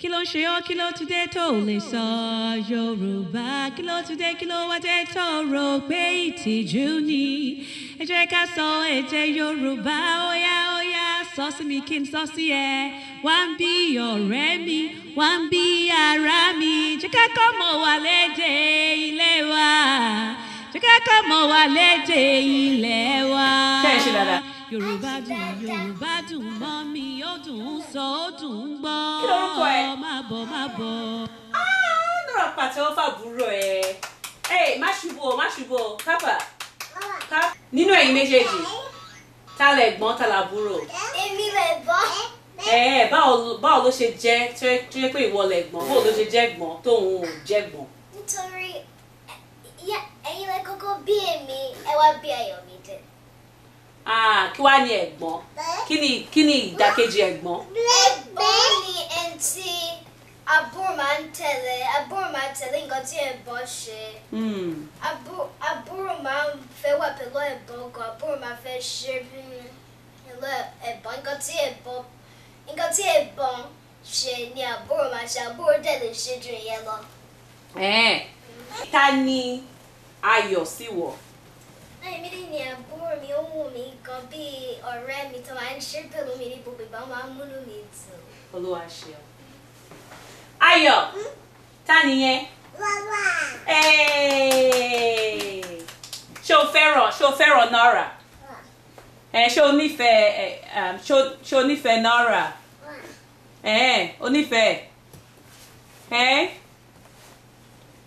Kilo wá dé tó rò pé ìtìjú ni ẹ jẹ́ ká sọ èdè yorùbá óyá óyá sọ sí mi kí kilo tude o ki lo tun sí kilo lo kilo wa de to ro pe itiju ni ka so eje yoruba oya oya so mi kin n so si e ń mi léde ilé wa kíkẹ́kọ̀ọ́ mọ̀ wá lédè ilẹ̀ wa. ṣe é ṣe dáadáa. yorùbá dùn yorùbá dùn mọ́ mi ó dùn ún sọ ó dùn ún gbọ́. kí lorúkọ ẹ. má bọ̀ má bọ̀. nọ̀rọ̀ ah, pàtẹ́wọ́ fàbúrò ẹ̀ ẹ̀ má ṣubú ọ má ṣubú ọ kápá. nínú ẹ̀yin méjèèjì ta lẹ̀gbọ́n ta làbúrò. èmi rẹ̀ gbọ́ ẹ báwo ló ṣe jẹ́ tó yẹ pé ìwọ lẹ̀gbọ́n báwo ló ṣe jẹ́ gbọ́n tóun ò jẹ́ gbọ́n. nítorí wá bí ayọ̀ mi jẹ. kí wàá ní ẹ̀gbọ́n kí ni ìdàkejì ẹ̀gbọ́n. ẹ̀gbọ́n ni ẹni tí àbúrò máa ń tẹ̀lé àbúrò máa ń tẹ̀lé nǹkan tí ẹ̀gbọ́n ṣe. Hmm. àbúrò máa ń fẹ́ wà pẹ̀lú ẹ̀gbọ́n gan àbúrò máa fẹ́ ṣe pẹ̀lú ẹ̀gbọ́n nǹkan tí ẹ̀gbọ́n nǹkan tí ẹ̀gbọ́n ṣe ni àbúrò máa ṣe àbúrò dẹ̀ lè ṣe ju ìyẹn lọ. ta ni ayọ̀ sí wọ̀ ẹ̀yìn mi ní ní àbúrò mi ó wù mí gan bí ọ̀rẹ́ mi tó máa ń ṣe pẹ̀lú mi ní gbogbo ìgbà máa ń múnú mi dùn. olúwa ṣeun. ayọ̀ ta nìyẹn. bàbá. ṣé o fẹ́ràn ṣé o fẹ́ràn nọ́ra ṣé o nífẹ̀ẹ́ ṣé o nífẹ̀ẹ́ nọ́ra onífẹ̀ẹ́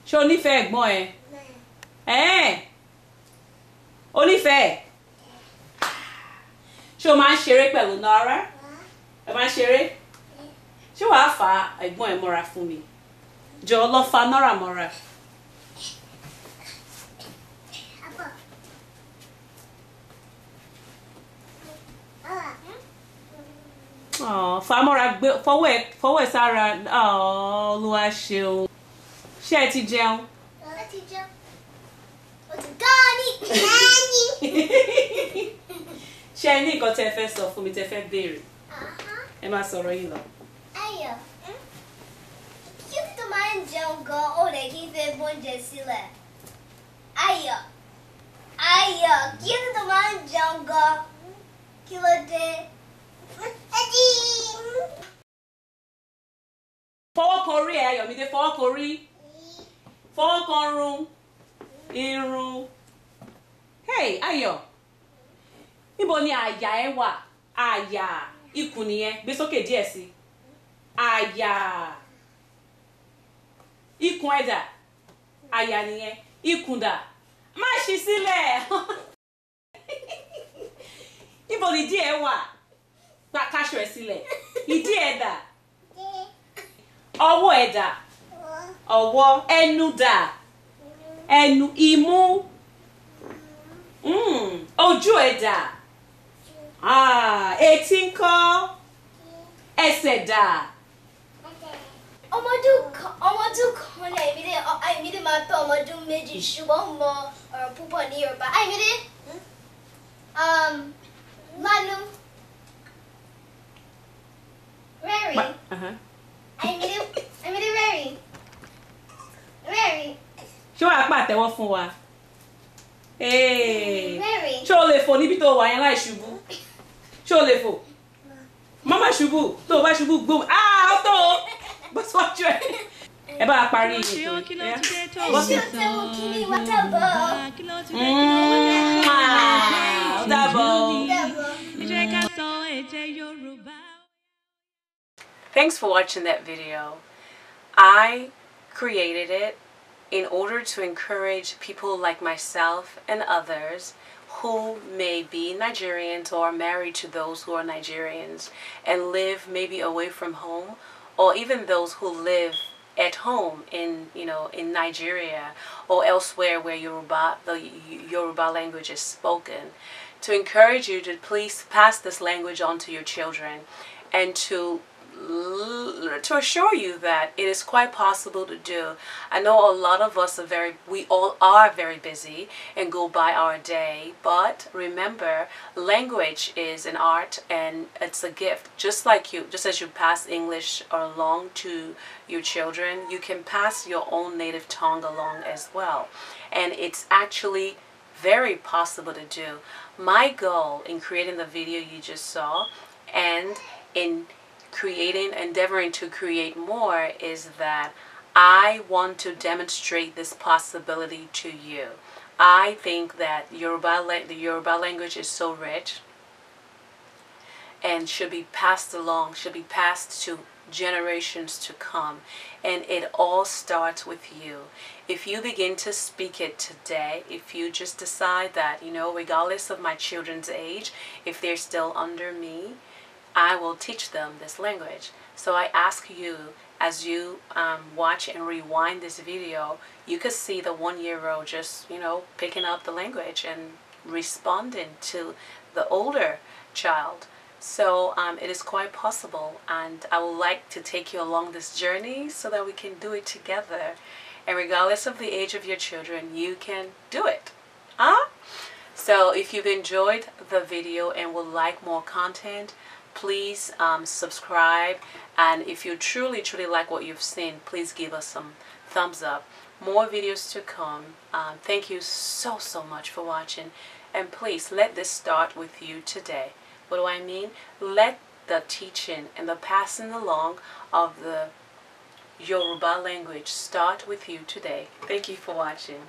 ṣé o nífẹ̀ẹ́ ẹ̀gbọ́n ẹ nífẹ̀ẹ́ ṣé o máa ń ṣeré pẹ̀lú Nara ẹ máa ń ṣeré ṣé wàá fa ẹ̀gbọ́n ẹ mọ́ra fún mi jọ lọ fa Nara mọ́ra. fàmọ́ra gbé fọwọ́ ẹ̀ fọwọ́ ẹ̀ sára Olúwa ṣeun ṣé ẹ ti jẹun. ó ti jẹun ó ti gán ṣé ẹ ní nǹkan tẹ́ fẹ́ sọ fún mi tẹ́ fẹ́ béèrè uh-huh. ẹ máa sọ̀rọ̀ yìí lọ. ayọ̀ kí tó máa ń jẹun gan ó lè kí n fẹ́ bóúnjẹ sílẹ̀ ayọ̀ ayọ̀ kí tó máa ń jẹun gan kí ló dé. fọwọ́ kan orí ẹ̀ ayọ̀mídé fọwọ́ kan orí fọwọ́ kan run irun. hey Ayo níbo ni àyà ẹ wà àyà ikùn nìyẹn soke die si sí àyà ikùn ẹ̀dà àyà nìyẹn ikùn dà má ṣí sílẹ̀ níbo ni die ẹ wà gba káṣọ ẹ sílẹ̀ ìdí ẹ dà ọwọ́ ẹ dà ọwọ́ ẹnu dà ẹnu ojú ẹ̀ dà ah, etí ń kọ́ ẹsẹ̀ dà. ọmọdún ọmọdún kan náà èmídé àìmídé máa pé ọmọdún méjì ṣùgbọ́n mo ọ̀rọ̀ púpọ̀ ní Yorùbá àìmídé um, lánàá rẹ́rìn uh-huh. àìmídé àìmídé rẹ́rìn rẹ́rìn. ṣé wàá pàtẹ́wọ́ fún wa. ṣé o lè fò níbi wà yẹn láì ṣubú ṣé o lè fò tó bá ṣubú gbó ah ó tó bó ti ẹ bá parí ètò ẹ bó ti sọ ó dàbọ̀. Thanks for watching that video. I created it in order to encourage people like myself and others who may be Nigerians or married to those who are Nigerians and live maybe away from home or even those who live at home in you know in Nigeria or elsewhere where Yoruba the Yoruba language is spoken to encourage you to please pass this language on to your children and to to assure you that it is quite possible to do. I know a lot of us are very, we all are very busy and go by our day, but remember, language is an art and it's a gift. Just like you, just as you pass English along to your children, you can pass your own native tongue along as well. And it's actually very possible to do. My goal in creating the video you just saw and in creating, endeavoring to create more is that I want to demonstrate this possibility to you. I think that Yoruba, the Yoruba language is so rich and should be passed along, should be passed to generations to come. And it all starts with you. If you begin to speak it today, if you just decide that, you know, regardless of my children's age, if they're still under me, I will teach them this language. So I ask you, as you um, watch and rewind this video, you could see the one-year-old just, you know, picking up the language and responding to the older child. So um, it is quite possible and I would like to take you along this journey so that we can do it together. And regardless of the age of your children, you can do it. Huh? Ah! So if you've enjoyed the video and would like more content, please um, subscribe and if you truly truly like what you've seen please give us some thumbs up more videos to come um, thank you so so much for watching and please let this start with you today what do I mean let the teaching and the passing along of the Yoruba language start with you today thank you for watching